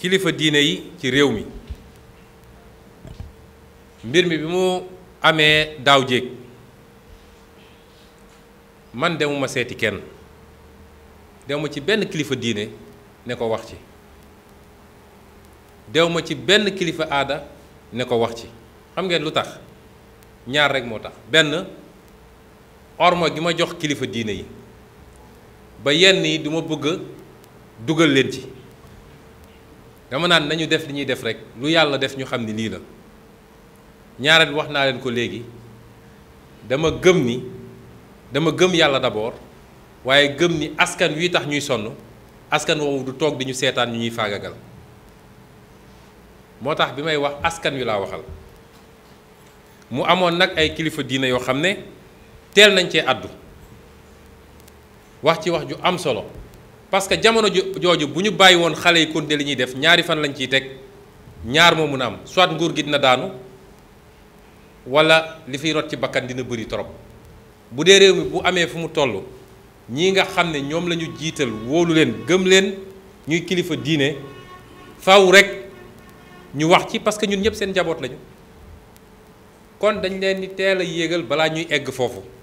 kilifa diine yi ci réew mi mbir mi bi mu amee daaw jéeg man demuma seeti kenn demuma ci benn kilifa diine ne ko wax ci demuma ci benn kilifa aada ne ko wax ci xam ngeen lu tax ñaar rek moo tax benn orma gi ma jox kilifa diine yi ba yenn yi duma bëgg dugal leen ci dama nan nañu def liñuy def rek lu yalla def ñu xamni li la ñaaral wax na len ko legi dama gëm ni dama gëm yalla d'abord waye gëm ni askan wi tax ñuy sonu askan wo du tok di ñu sétane ñuy motax bi may wax askan wi la waxal mu amon nak ay kilifa diina yo xamne tel nañ ci addu wax ci wax ju am solo parce que jamono jooju bu ñu bàyyi woon xale yi continuer li ñuy def ñaari fan lañu ciy teg ñaar moo mun am soit nguur gi dina daanu wala li fiy rot ci bakkan dina bëri trop bu dee réew mi bu amee fu mu toll ñii nga xam ne ñoom la ñu jiital wóolu leen gëm leen ñuy kilifa diine faw rek ñu wax ci parce que ñun ñëpp seen njaboot lañu kon dañ leen di teel a yéegal balaa ñuy egg foofu.